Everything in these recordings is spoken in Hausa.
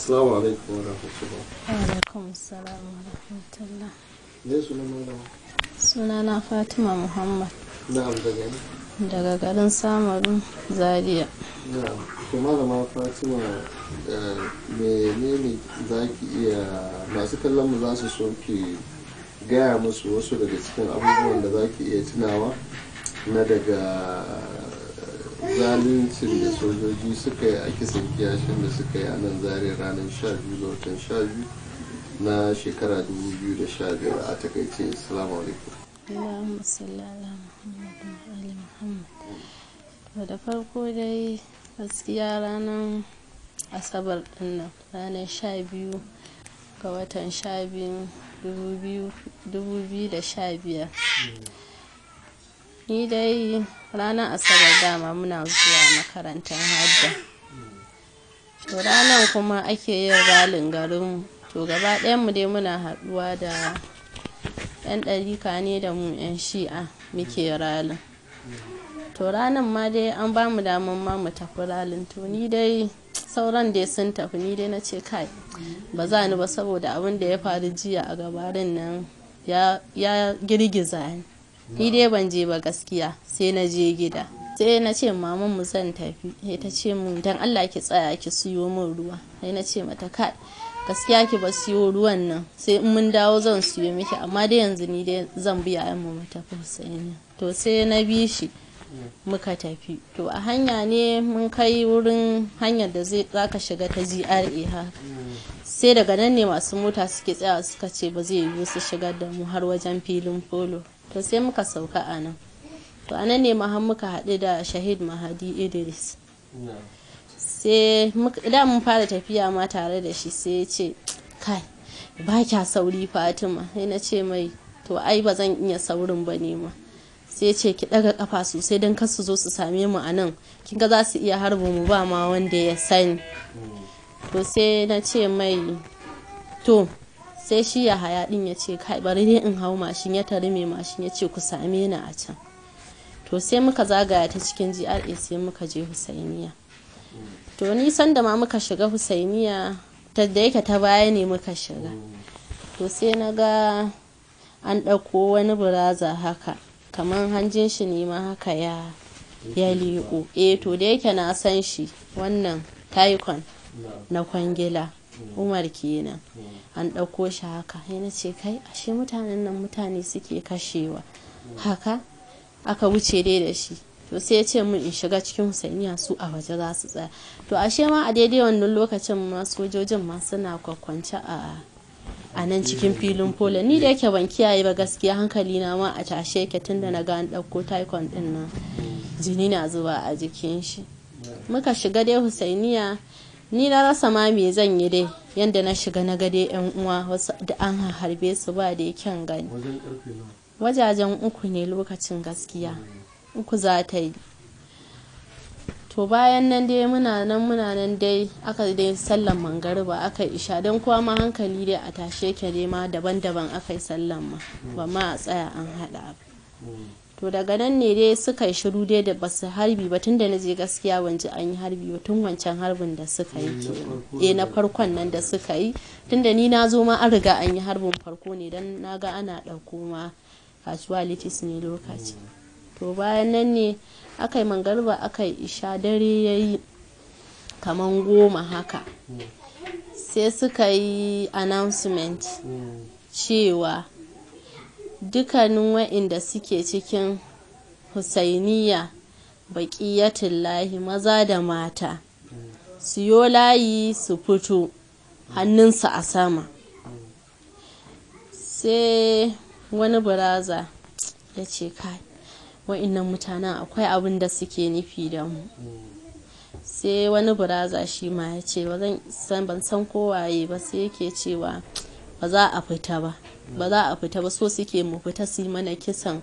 assalamu alaikum wa rahmatullah alaikum salam wa rahmatullah ne sunan malama sunana fatima muhammad na'am daga ne daga garin samarin zaria na'am to malama fatima eh, menene za ki iya masu kallon mu za su so ki gaya musu wasu daga cikin abubuwan da za ki iya tunawa na daga zaluncin da sojoji suka yi ake kiyashin da suka yi a nan zare ranar 12 watan 12 na shekara 2015 a takaice assalamu alaikum Allahumma salli ala Muhammad ali Muhammad da farko dai gaskiya ranar asabar dinnan ranar 12 ga watan 12 2015 ni dai ranar asabar dama muna zuwa makarantar hadda to ranar kuma ake yin ralin garin to gaba mu dai muna haɗuwa da 'yan ɗarika ne da mu 'yan shi'a muke ralin to ranar ma dai an ba mu daman ma mu tafi ralin to ni dai sauran dai sun tafi ni dai na ce kai ba za ni ba saboda abin da ya faru jiya a gabarin nan ya girgiza ni ni dai ban je ba gaskiya sai na je gida sai na ce maman mu zan tafi sai ta ce mun dan Allah ki tsaya ki siyo min ruwa sai na ce mata kai gaskiya ki ba siyo ruwan nan sai in mun dawo zan siyo miki amma dai yanzu ni dai zan biya a mu mu sai to sai na bi shi muka tafi to a hanya ne mun kai wurin hanyar da zai zaka shiga ta GRA haka sai daga nan ne masu mota suke tsaya suka ce ba zai yiwu su shigar da mu har wajen filin polo to sai muka sauka a nan to a nan ne mahan muka haɗu da shahid mahadi idris sai da mun fara tafiya ma tare da shi sai ya ce kai ba kya sauri fatima sai na ce mai to ai ba zan iya saurin ba ne ma sai ce ki ɗaga ƙafa sosai don kar su zo su same mu a nan kin ga za su iya harba mu ba ma wanda ya sani hmm. to sai na ce mai to sai shi ya haya din ya ce kai bari ne in hau mashin ya tare mai mashin ya ce ku same ni a can to sai muka zagaya ta cikin GRA sai muka je Husainiya to ni sanda ma muka shiga Husainiya ta da yake ta baya ne muka shiga to sai na ga an ɗauko wani buraza haka kamar hanjin shi ne ma haka ya ya liƙo eh to da yake na san shi wannan taikon na kwangila umar kenan hmm. an ɗauko shi haka yana ce kai ashe mutanen nan mutane suke kashewa hmm. haka aka wuce dai da shi to sai ya ce min in shiga cikin husainiya su a waje za su tsaya to ashe ma a daidai wannan lokacin ma sojojin ma suna kwakwance a a nan cikin filin pola ni da yake ban kiyaye ba gaskiya hankali na ma a tashe yake tunda na ga ɗauko taikon ɗin nan hmm. jini na zuba a jikin shi muka shiga dai husainiya ni na rasa ma me zan yi dai yadda na shiga na gade yan uwa wasu da an harbe su ba da kyan gani wajajen uku ne lokacin gaskiya uku za ta yi to bayan nan dai muna nan muna nan dai aka dai sallan mangariba aka isha don kowa ma hankali dai a tashe ke ma daban-daban aka yi sallan ma ba ma a tsaya an haɗa ba. to daga nan ne dai suka yi shiru dai da basu harbi ba tun da na je gaskiya ban an yi harbi ba tun wancan harbin da suka yi eh na eh, farkon nan da suka yi tun da ni na zo ma an riga an yi harbin farko ne dan na ga ana ɗauko ma casualties ne lokaci mm. to bayan nan ne aka yi mangalba aka yi isha dare ya yi kaman goma haka mm. sai suka yi announcement mm. cewa dukkanin waɗanda suke cikin husainiya ya baƙiyatullahi maza da mata siyo layi su fito hannunsu a sama sai wani buraza ya ce kai wa'innan mutanen akwai abin da suke nufi da mu sai wani buraza shi ma ya ce ban san kowaye ba sai yake cewa ba za a fita ba ba za a fita ba so suke mu fita su mana kisan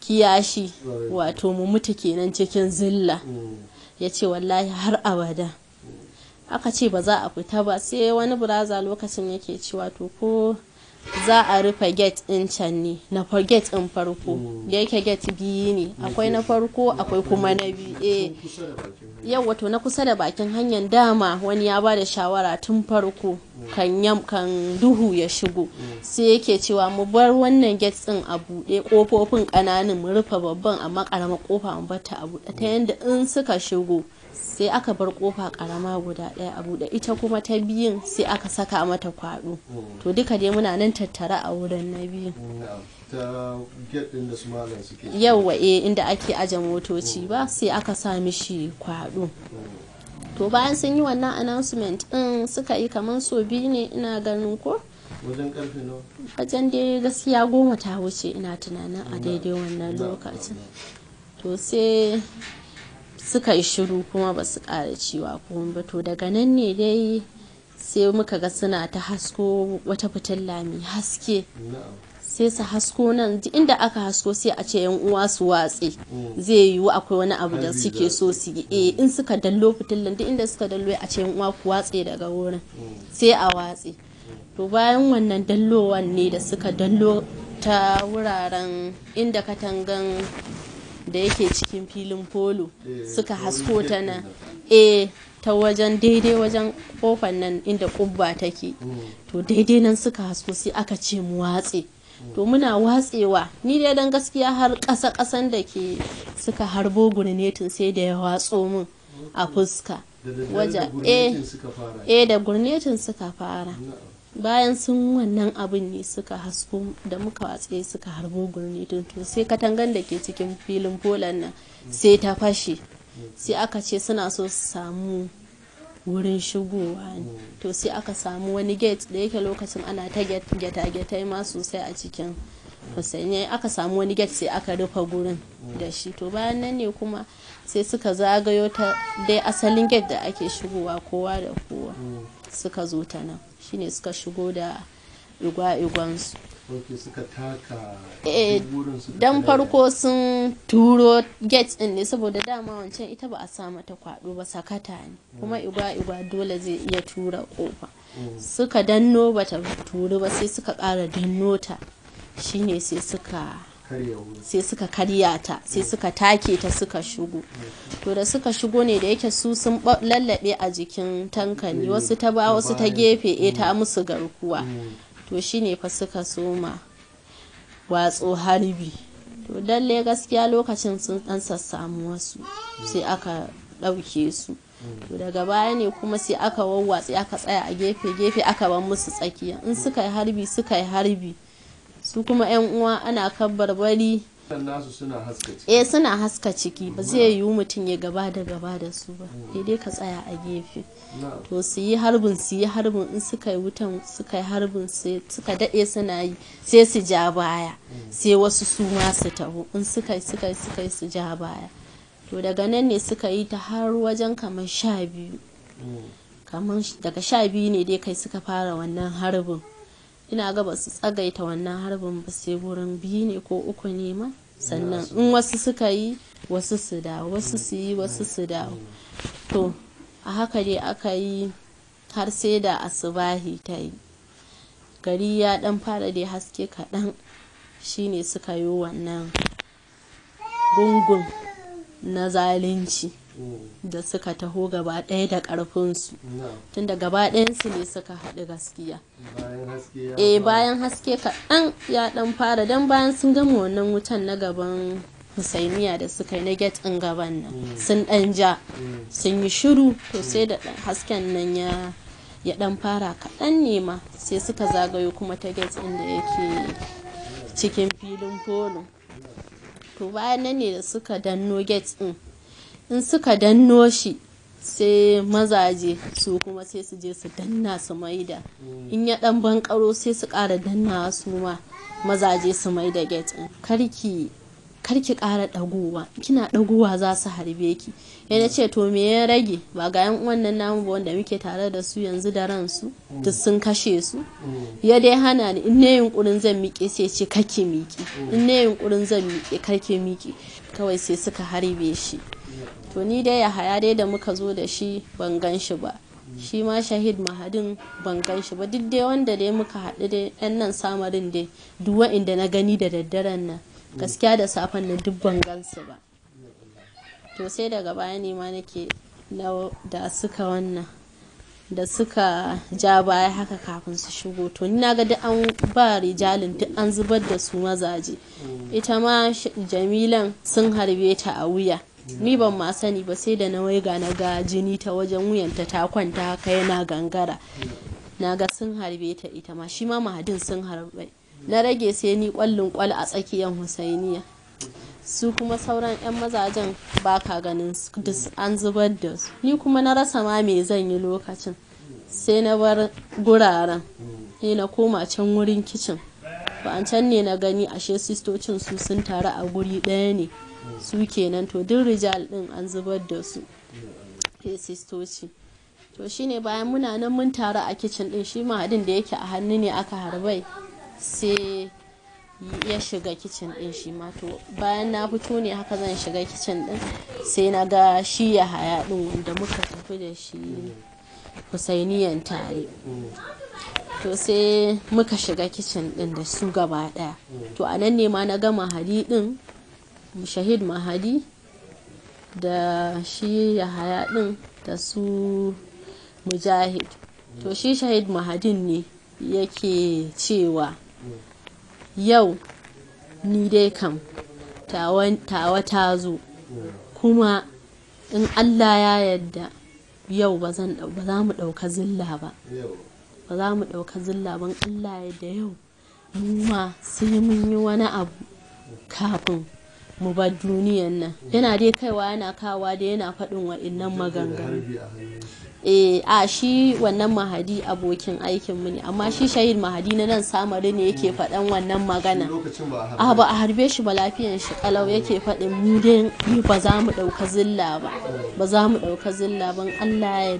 kiyashi wato mu mutu kenan cikin zilla mm. ya ce wallahi har abada mm. aka ce ba za a fita ba sai wani buraza lokacin yake cewa to ko za a rufe gate ɗin can ne na gate ɗin farko mm. da yake gate biyu ne akwai na farko akwai kuma na biyu eh. yau wato na kusa da bakin hanyar dama wani ya ba da shawara tun farko mm. kan yam duhu ya shigo mm. sai yake cewa mu bar wannan gate ɗin a buɗe kofofin ƙananan mu rufe babban amma ƙaramar kofa mu bata a buɗe ta yanda in suka shigo sai aka bar kofa karama guda daya a bude ita kuma ta biyun sai aka saka mata kwaɗo to duka dai muna nan tattara a wurin na biyun yawwa eh inda ake aje motoci ba sai aka sa mishi kwaɗo to bayan sun yi wannan announcement din suka yi kamar so biyu ne ina ganin ko wajen gaskiya goma ta wuce ina tunanin a daidai wannan lokacin to sai suka yi shiru kuma ba su ƙara cewa ba to daga nan ne dai sai muka ga suna ta hasko wata fitilla mai haske sai su hasko nan inda aka hasko sai a ce yan uwa su watse mm. zai yiwu akwai wani abu da suke so su yi eh in suka dallo fitillan duk inda suka dallo a ce yan uwa ku watse daga wurin mm. sai a watse to bayan wannan dallowan ne da suka dallo ta wuraren inda katangan da yake cikin filin polo eh, suka hasko ta nan eh, ta wajen daidai wajen kofar nan inda kubba take mm. to daidai nan suka hasko sai aka ce mu watse to muna watsewa ni dai dan gaskiya har ƙasa ƙasan da ke suka harbo gurnetin sai da ya watso min a fuska waje eh, eh da gurnetin suka fara bayan sun wannan abin ne suka hasko da muka watse suka harbo gurnitun to sai katangan da ke cikin filin polan nan sai ta fashe sai aka ce suna so su samu wurin shigowa ne to sai aka samu wani gate da yake lokacin ana ta gyata-gyatai ma sosai a cikin Hussaini aka samu wani gate sai aka rufe gurin da shi to bayan nan ne kuma sai suka zagayo ta dai asalin gate da ake shigowa kowa da kowa suka zo ta nan shine suka shigo da igwa-igwansu eh, dan farko sun turo gate din ne saboda dama wancan ita ba a sa mata kwado ba sakata ne kuma igwa-igwa mm. dole zai iya tura kofa mm. suka danno bata turu ba sai suka kara danno ta shine sai suka sai suka karya ta sai suka take ta suka shigo to da suka shigo ne da yake su sun lallabe a jikin tankani mm. wasu ta ba wasu ta gefe e ta mm. musu garkuwa mm. to shine fa suka soma watso harbi to dalle gaskiya lokacin sun dan sassamu wasu sai aka ɗauke su to daga baya ne kuma sai aka wawwatsi aka tsaya a gefe gefe aka bar musu tsakiya in suka yi harbi suka yi harbi su kuma 'yan uwa ana kabbar bari eh suna haska ciki ba zai yiwu mutum ya gaba da gaba da su ba daidai ka tsaya a gefe to su yi harbin su yi harbin in suka yi wutan suka yi harbin suka daɗe suna yi sai su ja baya mm. sai wasu su ma su taho in suka yi suka yi suka yi su ja baya to daga nan ne suka yi ta har wajen kamar sha biyu mm. kamar daga sha biyu ne dai kai suka fara wannan harbin ina ga ba su tsagaita wannan harbin ba sai wurin biyu ne ko uku ne ma sannan in wasu suka yi wasu su dawo wasu su yi wasu su dawo to a haka dai aka yi har sai da asubahi ta yi gari ya dan fara dai haske kaɗan shine suka yi wannan gungun na zalunci Mm. da suka taho gaba ɗaya da ƙarfinsu tun da gaba ɗayansu ne suka haɗu gaskiya e bayan haske kaɗan ya ɗan fara don bayan sun gama wannan wutan na gaban husainiya da suka yi na get in gaban nan mm. sun ɗan ja mm. sun yi shiru to sai da hasken nan ya ya ɗan fara kaɗan nema sai suka zagayo kuma ta get da yake cikin filin polo to bayan nan ne da suka danno get ɗin in suka danno shi sai mazaje su kuma sai su je su danna su maida in ya dan bankaro sai su ƙara danna su ma mazaje su maida gate karki karki ƙara ɗagowa kina ɗagowa za su harbe ki ya ce to me ya rage ba ga yan wannan namu ba wanda muke tare da su yanzu da ransu duk sun kashe su ya dai hana ni in ne yunkurin zan miƙe sai ce kake miƙe in ne yunkurin zan miƙe karke miƙe kawai sai suka harbe shi to ni dai yahaya dai da muka zo da shi ban gan shi ba shi ma shahid mahadin ban gan shi ba duk dai wanda dai muka haɗu dai yan nan samarin dai duwa inda na gani da daddaren nan gaskiya da safen nan duk ban gan su ba to sai daga baya ne ma nake da suka wannan da suka ja baya haka kafin su shigo to ni na ga duk an ba rijalin duk an zubar da su mazaje ita ma jamilan sun harbe ta a wuya ni ban ma sani ba sai da na waiga na ga jini ta wajen wuyanta ta kwanta haka yana gangara na ga sun harbe ta ita ma shi ma mahadin sun harbe na rage sai ni kwallin kwal a tsakiyar husainiya su kuma sauran 'yan mazajen ba ka ganin an zubar da su ni kuma na rasa ma me zan yi lokacin sai na bar guraren sai na koma can wurin kicin ba an can ne na gani ashe sistocin su sun taru a guri ɗaya ne su kenan to duk rijal din an zubar da su sistoci to shine bayan muna nan mun taru a kicin din shi mahadin da yake a hannu ne aka harbai sai ya shiga kicin din shi ma to bayan na fito ne haka zan shiga kicin din sai na ga shi ya haya din wanda muka tafi da shi husainiyan tare to sai muka shiga kicin din da su gaba daya to a nan ne ma na gama hari din shahid mahadi da shi yahaya din da su mujahid to shi shahid mahadin ne yake cewa yau ni dai kam tawa ta zo kuma in allah ya yadda yau ba za mu ɗauka zilla ba ba za mu ɗauka zilla ban allah ya yadda yau mu ma sai mun yi wani abu kafin mu bar duniyan nan yana dai kaiwa yana kawa da yana faɗin wa'innan maganganu eh, a shi wannan mahadi abokin aikinmu ne amma shi shahid mahadi na nan samari ne yake faɗan wannan magana a ba a harbe shi ba lafiyan shi kalau yake faɗin mu dai ba za mu ɗauka zilla ba ba za mu ɗauka zilla allah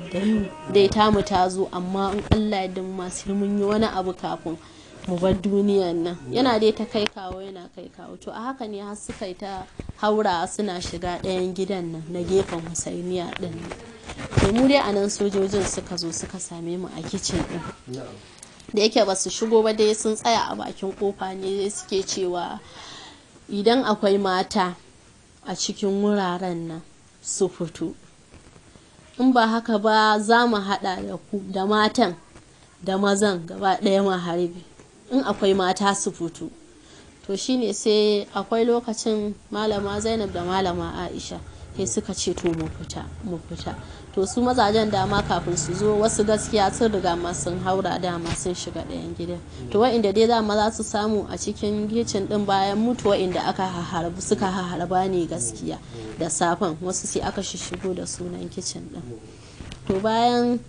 dai mu ta zo amma in allah da mu masu mun yi wani abu kafin mu bar duniyan nan yana dai ta kai kawo yana kai kawo to a haka ne har suka ta haura suna shiga ɗayan gidan nan na gefen husainiya ɗin to mu dai a nan sojojin suka zo suka same mu a kicin ɗin da yake ba su shigo ba dai sun tsaya a bakin kofa ne suke cewa idan akwai mata a cikin wuraren nan su fito in ba haka ba za mu haɗa da matan da mazan gaba ɗaya harbi in akwai mata su fito to shine sai akwai lokacin malama zainab da malama aisha sai suka ce to mu fita mu fita to su mazajen dama kafin su zo wasu gaskiya sun riga ma sun haura dama sun shiga ɗayan gidan to wa'inda dai dama za su samu a cikin gicin din bayan mutu wa'inda aka harbu suka haharba ne gaskiya da safan wasu sai aka shishigo da sunan kicin din to bayan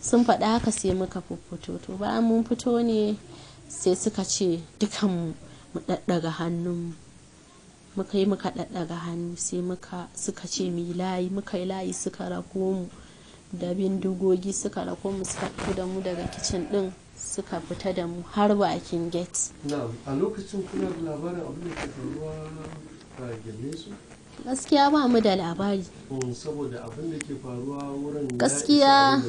sun faɗa haka sai muka fito to bayan mun fito ne sai suka ce dukan mu daddaga hannun muka yi muka daddaga hannu sai muka suka ce mu layi muka yi layi suka rako mu da bindigogi suka rako mu suka fito da mu daga kicin ɗin suka fita da mu har bakin gate a lokacin kuna labarin abin da ke faruwa a gemesu su gaskiya ba mu da labari hmm, saboda faruwa wurin gaskiya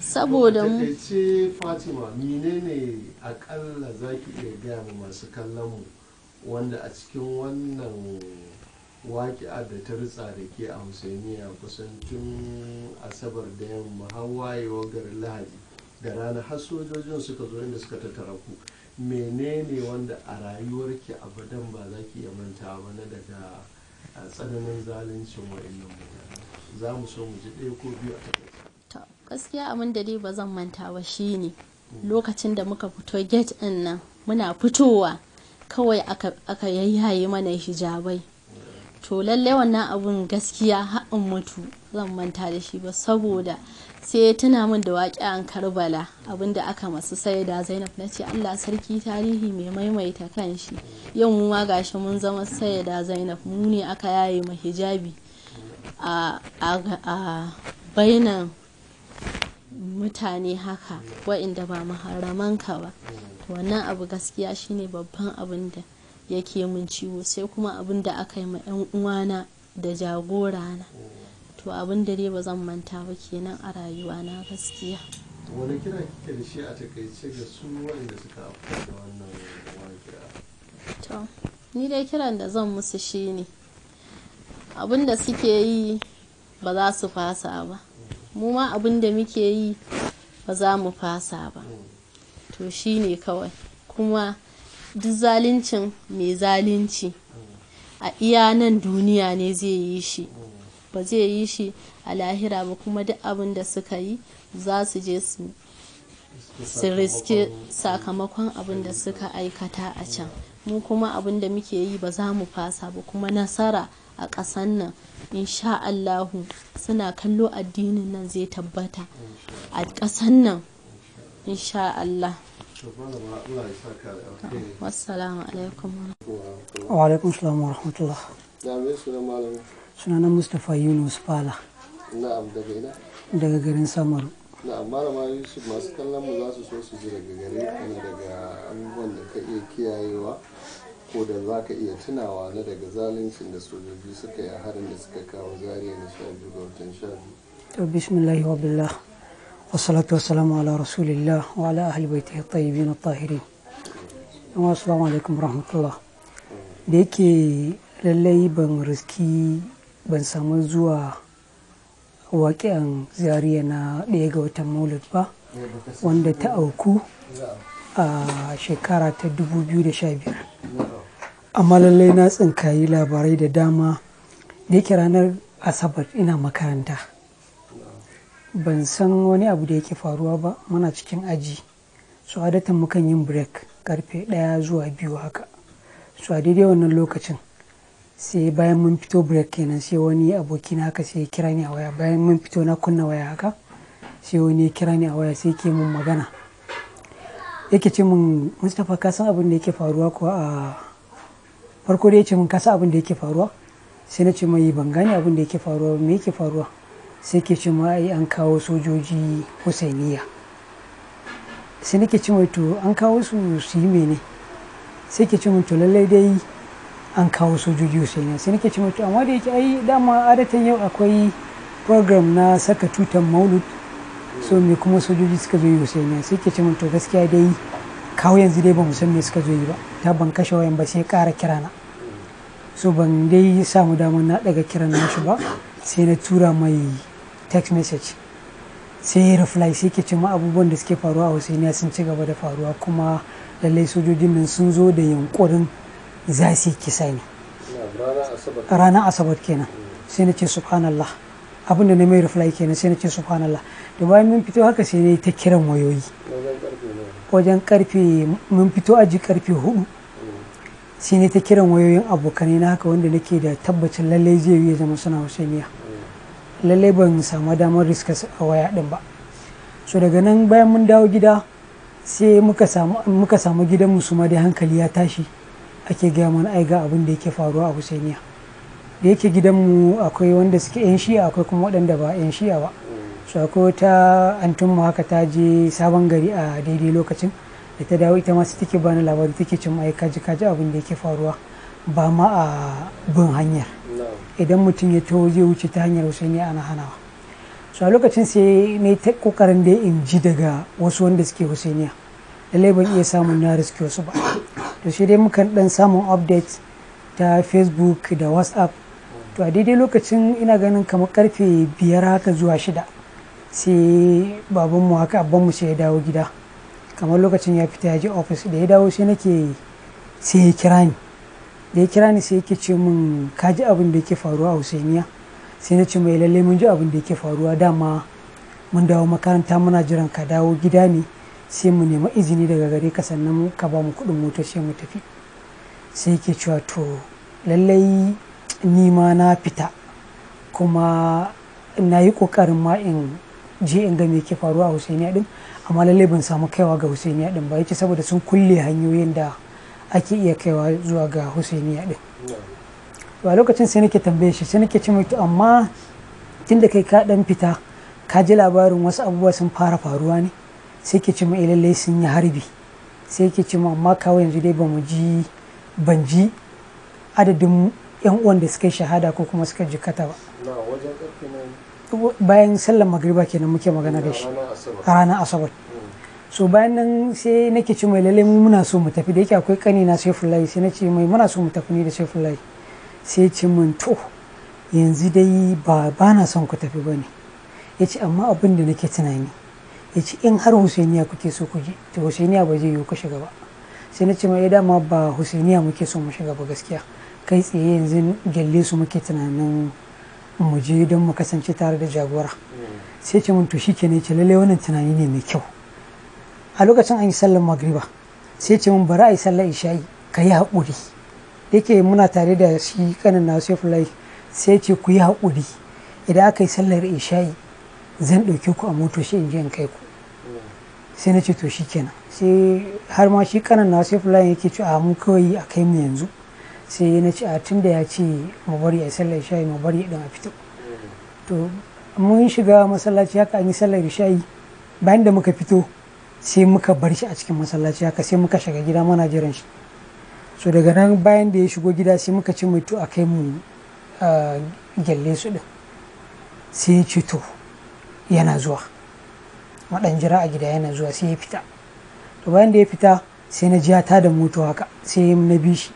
saboda mu ce fatima menene akalla zaki iya gaya mu masu kallon mu wanda a cikin wannan waƙi'a da ta ritsa da ke a husainiya kusan tun asabar da yamma har wayewar garin lahadi da rana har sojojin suka zo inda suka tattara ku menene wanda a rayuwarki abadan ba za ki iya manta ba na daga a tsananin zaluncin wa'annan mutane za mu so mu ji ɗaya ko biyu a gaskiya abin da dai ba zan manta ba shine hmm. lokacin da muka fito gate ɗin nan muna fitowa kawai aka yayyaye mana hijabai hmm. to lallai wannan abun gaskiya haɗin mutu zan manta da shi ba saboda sai tana min da an karbala abinda aka masu sai da zainab na ce allah sarki tarihi mai maimaita kan shi yau mu ma gashi mun zama sai da zainab mu ne aka yaye ma hijabi a bainan mutane haka wa'inda ba maharamanka ba wannan abu gaskiya shine babban abin da yake min ciwo sai kuma abin da aka yi ma 'yan uwana da jagorana to abin da ba zan manta ba kenan a rayuwa na gaskiya wani kira kike da shi a takaice ga su wanda suka afuwa da wannan waƙiya ni dai kiran da zan musu shi ne. abin da suke yi ba za su fasa ba mu ma abin da muke yi ba za mu fasa ba to shi ne kawai kuma duk zaluncin mai zalunci a iya nan duniya ne zai yi shi ba zai yi shi a lahira ba kuma duk abin da suka yi za su je su riske sakamakon abin da suka aikata a can mu kuma abin da muke yi ba za mu fasa ba kuma nasara a ƙasan nan insha Allahu suna kallo addinin nan zai tabbata a ƙasan nan insha Allah wassalamu alaikum alaikum wa rahmatullah sunana mustapha yunus fala na'am daga ina daga garin samaru na'am malama yusuf masu kallon mu za su so su ji daga gare kana daga abubuwan da ka iya kiyayewa ko da za ka iya tunawa na daga zaluncin da sojoji suka yi a harin da suka kawo zari na sha biyu ga watan sha biyu to bismillahi wa billah wasalatu wasalamu ala rasulillah wa ala ahli baitihi tayyibin at-tahirin assalamu alaikum rahmatullah da yake lallai ban riski ban samu zuwa waƙen zariya na ɗaya ga watan maulid ba wanda ta auku a shekara ta 2015 amma lallai na tsinkayi labarai da dama da yake ranar asabar ina makaranta ban san wani abu da yake faruwa ba mana cikin aji su adatan mukan yin break karfe ɗaya zuwa biyu haka su a daidai wannan lokacin sai bayan mun fito break kenan sai wani aboki na haka sai ya kira ni a waya bayan mun fito na kunna waya haka sai wani ya kira ni a waya sai ke mun magana yake ce mun mustapha ka san abin da yake faruwa ko a farko da ya ce mun ka san abin da yake faruwa sai na ce mai ban gane abin da yake faruwa me yake faruwa sai ke ce ma ai an kawo sojoji husainiya sai nake ce mai to an kawo su su yi mene sai ke ce mun to lallai dai an kawo sojoji sai na sai nake ce mutu amma da yake ai dama adatan yau akwai program na saka tutan maulud so me kuma sojoji suka zo yi sai sai ke ce mutu gaskiya dai kawo yanzu dai ba mu san me suka zo yi ba ta ban kashe wayan ba sai kara kira na. so ban dai samu damar na daga kiran nashi ba sai na tura mai text message sai reply sai ke ma abubuwan da suke faruwa a husainiya sun ci gaba da faruwa kuma lallai sojojin nan sun zo da yunkurin za su kisa ne ranar asabar kenan sai na ce subhanallah abin da na mai ruflai kenan sai na ce subhanallah da bayan mun fito haka sai na yi ta kiran wayoyi wajen karfe mun fito aji karfe hudu sai na ta kiran wayoyin abokanai na haka wanda nake da tabbacin lallai zai yi zama suna husainiya lallai ban samu damar riskas a waya din ba so daga nan bayan mun dawo gida sai muka samu gidan mu ma dai hankali ya tashi ake gaya mana ai ga abin da yake faruwa a husainiya da yake gidanmu akwai wanda suke yan shi'a akwai kuma waɗanda ba yan shi'a ba su akwai wata an mu haka ta je sabon gari a daidai lokacin da ta dawo ita ma su take bani labari take cin ai kaji kaji abin da yake faruwa ba ma a bin hanyar idan mutum ya taho zai wuce ta hanyar husainiya ana hanawa su a lokacin sai ne ta kokarin da in ji daga wasu wanda suke husainiya lallai ban iya samun na riske wasu ba to shi dai mukan dan samun update ta facebook da whatsapp to a daidai lokacin ina ganin kamar karfe biyar haka zuwa shida sai babanmu haka abbanmu sai ya dawo gida kamar lokacin ya fita ya je ofis da ya dawo sai nake sai ya kira ni da ya kira ni sai yake ce min ka ji abin da yake faruwa a Usainiya sai na ce mai lalle mun ji abin da yake faruwa dama mun dawo makaranta muna jiran ka dawo gida ne sai mu nemi izini daga gare ka sannan ka ba mu kuɗin mota sai mu tafi sai ke cewa to lallai ni ma na fita kuma na yi ƙoƙarin ma in je in ga me ke faruwa a Husainiya din amma lallai ban samu kaiwa ga Husainiya din ba yake saboda sun kulle hanyoyin da ake iya kaiwa zuwa ga Husainiya din to a lokacin sai nake tambaye shi sai nake ce mai to amma tunda kai ka dan fita ka ji labarin wasu abubuwa sun fara faruwa ne sai ke ci ma eh, lallai sun yi harbi sai ke ci amma kawo yanzu dai ba mu ji ban ji adadin yan uwan da suka yi shahada ko kuma suka jikata ba bayan sallar magriba kenan muke magana da shi a ranar asabar so bayan nan sai nake ci mai lallai mu muna so mu tafi da yake akwai kani na saifullahi sai na ce mai muna so mu tafi ne da saifullahi sai ce mun to yanzu dai ba bana na son ku tafi ba ne ya ce amma abin da nake tunani ya ce in har husainiya kuke so ku je to husainiya ba zai yiwu ka shiga ba sai na ce mai eh, ma ba husainiya muke so mu shiga ba gaskiya kai tsaye yanzu gyalle su muke tunanin mu je don mu kasance tare da jagora sai ce mun to shi ke ne ce lallai wannan tunani ne mai kyau a lokacin an yi sallar magriba sai ce mun bari a yi sallar isha'i ka yi haƙuri da yake muna tare da shi kanin na fulai sai ce ku yi haƙuri idan aka yi sallar isha'i zan ɗauke ku a motoci in je in kai ku sai na ce to shi kenan sai har ma shi kanan na sai fulani yake ce a mu kawai a kai mu yanzu sai na ce a tun da ya ce mu bari a sallar shayi mu bari idan a fito to mun shiga masallaci haka an yi sallar shayi bayan da muka fito sai muka bar shi a cikin masallaci haka sai muka shiga gida mana jiran shi so daga nan bayan da ya shigo gida sai muka ce mai to a kai mu gyalle su din sai ya ce to yana zuwa maɗan jira a gida yana zuwa sai ya fita to bayan da ya fita sai na jiya ta da moto haka sai na bi shi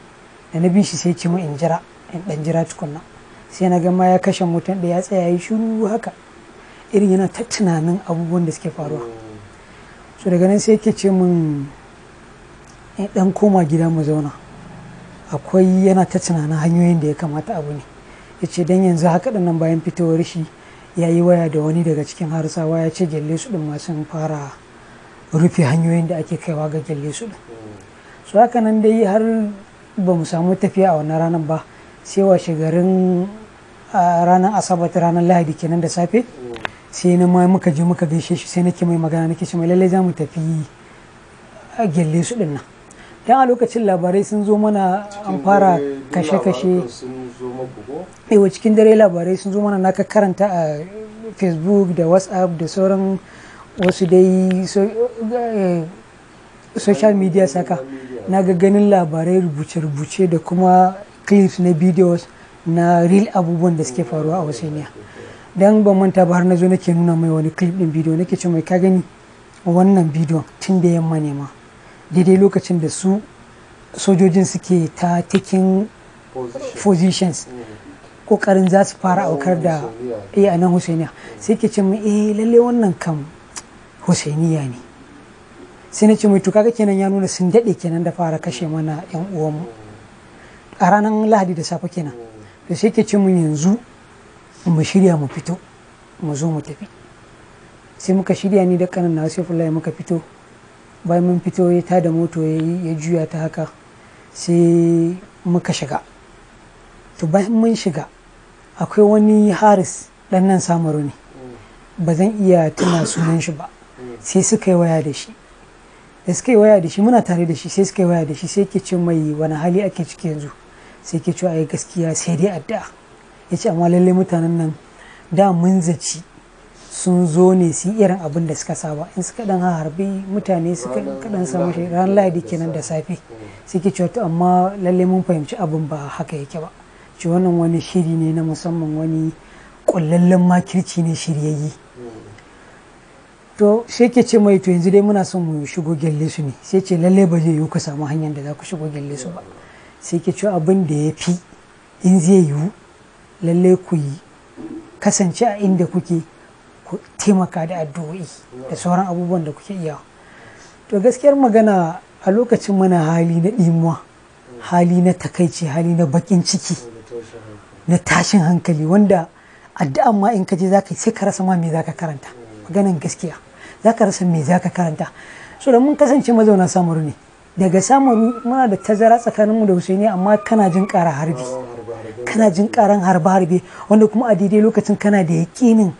da na bi shi sai ci mu in jira in ɗan jira tukunna sai na gama ya kashe motan da ya tsaya ya shiru haka irin yana ta tunanin abubuwan da suke faruwa so daga nan sai yake ce min in eh, ɗan koma gida mu zauna akwai yana ta tunanin hanyoyin da ya kamata abu ne ya ce don yanzu haka nan bayan fitowar shi ya yi waya da wani daga cikin harsawa ya ce gyalle su ɗin masu fara rufe hanyoyin da ake kaiwa ga gyalle su ɗin su haka nan dai har ba mu samu tafiya a wannan ranar ba sai wa shigarin ranar asabar ta ranar lahadi kenan da safe sai na ma muka je muka gaishe shi sai nake mai magana nake shi mai lallai za mu tafi gyalle su ɗin nan yan a lokacin labarai sun zo mana an fara kashe-kashe ewa cikin dare labarai sun zo mana na ka karanta a facebook da whatsapp da sauran wasu dai eh, social media saka na ga ganin labarai rubuce-rubuce da kuma clips na videos na real abubuwan da suke faruwa a wasu wasaniya don ban manta ba har na zo nake nuna mai wani clip din bidiyo nake ce mai ka gani wannan bidiyon tun da yamma ne ma daidai lokacin da su sojojin suke ta taking positions kokarin za su fara aukar da iya eh, nan husainiya sai ke ce mai eh lalle wannan kam husainiya ne sai na ce mai to kaga kenan ya nuna sun daɗe kenan da fara kashe mana yan uwanmu a ranar lahadi da safe kenan da sai ke ce mu yanzu mu shirya mu fito mu zo mu tafi sai muka shirya ni da kanan na wasu muka fito bayan mun fito ya ta da moto ya juya ta haka sai muka shiga to bayan mun shiga akwai wani haris dan nan samaru ne ba zan iya tuna sunan shi ba sai suka yi waya da shi da suka yi waya da shi muna tare da shi sai suka yi waya da shi sai ke ce mai wani hali ake ciki yanzu sai ke ce yi gaskiya sai dai addu'a ya ce amma lallai mutanen nan da mun zaci sun zo ne su irin abin da suka saba in suka dan harbi mutane suka kadan samu shi ran lahadi kenan da safe suke cewa to amma lalle mun fahimci abin ba haka yake ba ci wannan wani shiri ne na musamman wani kullallen makirci ne shiryayye to sai ke ce mai to yanzu dai muna son mu shigo gelle su ne sai ce lalle ba zai yiwu ka samu hanyar da za ku shigo gelle su ba sai ke ce abin da ya fi in zai yiwu lalle ku yi kasance a inda kuke taimaka da addu'o'i da sauran abubuwan da kuke iya to gaskiyar magana a lokacin mana hali na dimuwa hali na takaici hali na bakin ciki na tashin hankali wanda addu'an ma in ka je zaka sai ka rasa ma me zaka karanta maganan gaskiya zaka rasa me zaka karanta so da mun kasance mazauna samaru ne daga samaru muna da tazara tsakaninmu da husaini amma kana jin ƙara harbi kana jin ƙaran harbe harbe wanda kuma a daidai lokacin kana da yaƙinin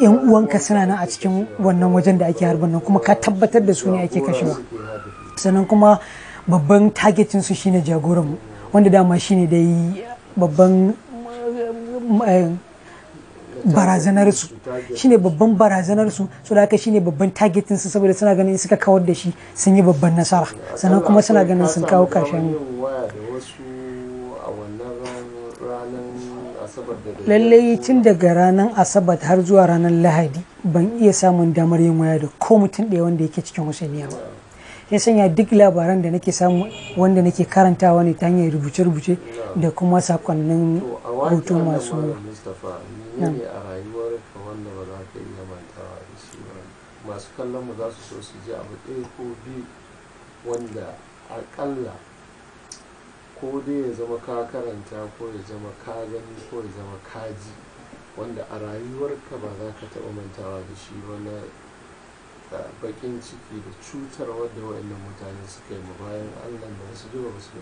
yan uwanka suna nan a cikin wannan wajen da ake harbin nan kuma ka tabbatar da su ne ake kashewa sannan kuma babban targetin su shine jagoran mu wanda dama shine dai babban eh, barazanar su shine babban barazanar su so da haka shine babban targetin su saboda suna ganin suka kawar da shi sun yi babban nasara sannan kuma suna ganin sun kawo karshen lallai tun daga ranar asabar har zuwa ranar lahadi ban iya samun damar yin waya da ko mutum ɗaya wanda yake cikin husainiya ba ya sanya duk labaran da nake samu wanda nake karantawa ne ta hanyar rubuce-rubuce da kuma sakonnin hoto masu wanda akalla ko dai ya zama ka karanta ko ya zama ka gani ko ya zama ka wanda a rayuwarka ba za ka taɓa mantawa da shi wani bakin ciki da cutar wadda wa'annan mutane suka yi ma bayan allah da wasu jiwa ba su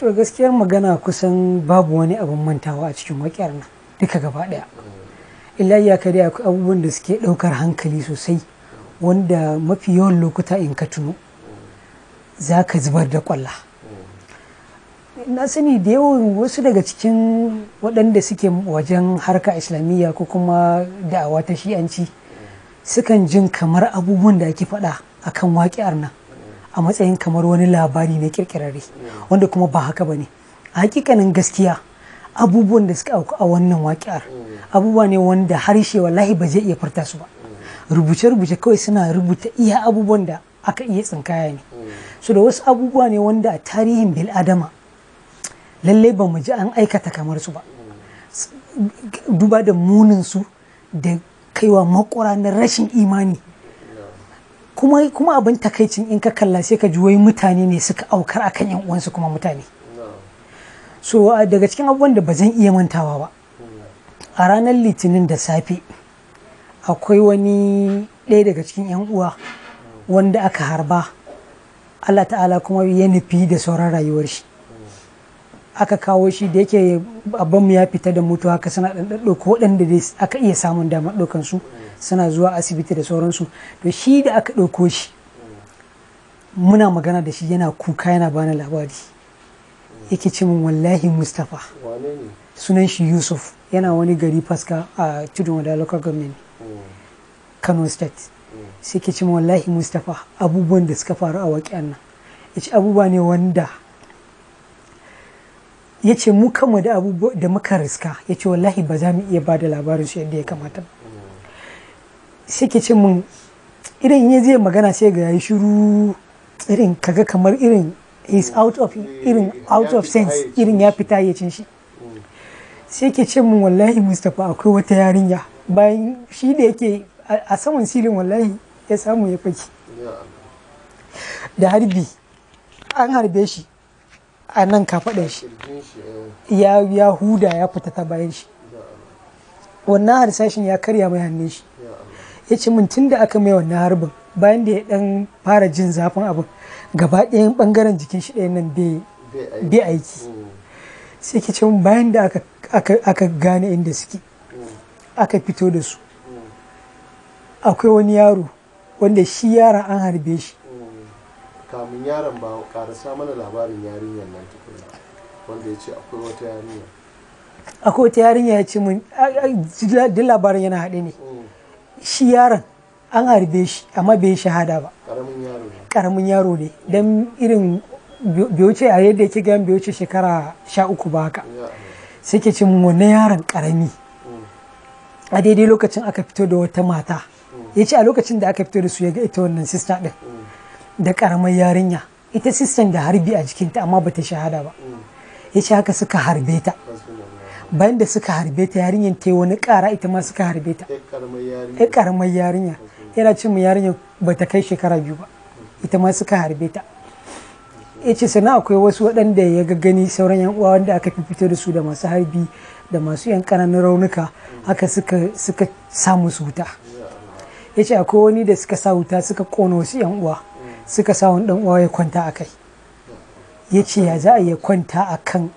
to gaskiyar magana kusan babu wani abin mantawa a cikin wakiyar nan duka gaba daya mm. illa ya dai akwai abubuwan da suke ɗaukar hankali sosai wanda mafi yawan lokuta in ka tuno mm. za ka zubar da kwalla na sani da yawan wasu daga cikin waɗanda suke wajen harka islamiyya ko kuma da'awa ta shi'anci sukan jin kamar abubuwan da ake faɗa a kan waƙiyar nan a matsayin kamar wani labari na kirkirare wanda kuma ba haka ba ne a hakikanin gaskiya abubuwan da suka auku a wannan waƙiyar abubuwa ne wanda harshe wallahi ba zai iya furta su ba rubuce-rubuce kawai suna rubuta iya abubuwan da aka iya tsinkaya ne Su da wasu abubuwa ne wanda a tarihin bil'adama lallai ba mu ji an aikata kamar su ba duba da munin su da kaiwa makura na rashin imani kuma kuma abin takaicin in ka kalla sai ka ji wai mutane ne suka aukar akan yan uwansu kuma mutane so daga cikin abubuwan da ba zan iya mantawa ba a ranar litinin da safe akwai wani ɗaya daga cikin yan uwa wanda aka harba Allah ta'ala kuma ya nufi da sauran rayuwar shi aka kawo shi da yake abban mu ya fita da mutuwa haka suna dan ko waɗanda dai aka iya samun damar ɗaukan su suna zuwa asibiti da sauransu to shi da aka ɗauko shi muna magana da shi yana kuka yana bani labari yake ce min wallahi mustapha sunan shi yusuf yana wani gari faska a tudun wada local government hmm. kano state hmm. sai ke ce min wallahi mustapha abubuwan da suka faru a wakiyan nan ya abubuwa ne wanda ya ce mu kanmu da abubuwa da muka riska ya ce wallahi ba za mu iya ba da labarin su yadda ya kamata sai ke ce mun irin ya zai magana sai ga yi shiru irin kaga kamar irin is out of irin out of sense irin ya fita ya cin shi sai ke ce mun wallahi mustapha akwai wata yarinya bayan shi da yake a saman silin wallahi ya samu ya faki da harbi an harbe shi a nan kafaɗin shi ya huda ya fita ta bayan shi wannan harsashin ya karya mai hannun shi ya ce min tun da aka mai wannan harbin bayan da ya dan fara jin zafin abin gaba ɗayan ɓangaren jikin shi ɗayan nan bai aiki sai ke ce min bayan da aka gane inda suke aka fito da su akwai wani yaro wanda shi yaron an harbe shi kamun yaron ba karasa mana labarin yarinyar nan tukuna wanda ya ce akwai wata yarinya akwai wata yarinya ya ce mun duk labarin yana haɗe ne mm. shi yaron an harbe shi amma bai yi shahada ba karamin yaro ne don mm. irin biyoce a yadda yake gan biyoce shekara sha uku ba haka sai ke ce mun wannan yaron karami mm. a daidai lokacin aka fito da wata mata ya ce a lokacin da aka fito da su ya ga ita wannan sista ɗin da karamar yarinya ita sistan da harbi a jikinta amma bata shahada ba ya ce haka suka harbe ta bayan da suka harbe ta yarinyar ta yi wani kara ita ma suka harbe ta ya karamar yarinya yana ce mu yarinyar bata kai shekara biyu ba ita ma suka harbe ta ya ce sana akwai wasu waɗanda ya ga gani sauran yan uwa wanda aka fi fito da su da masu harbi da masu yan ƙananan raunuka haka suka samu su wuta ya ce akwai wani da suka sa wuta suka kona wasu yan uwa suka sa wani dan uwa ya kwanta a kai ya ce ya za a iya kwanta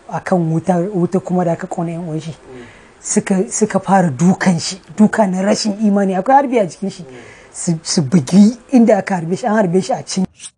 a kan wuta kuma da aka kona yan uwan shi suka fara dukan shi duka na rashin imani akwai harbi a jikin shi su bugi inda aka harbe shi an harbe shi a cin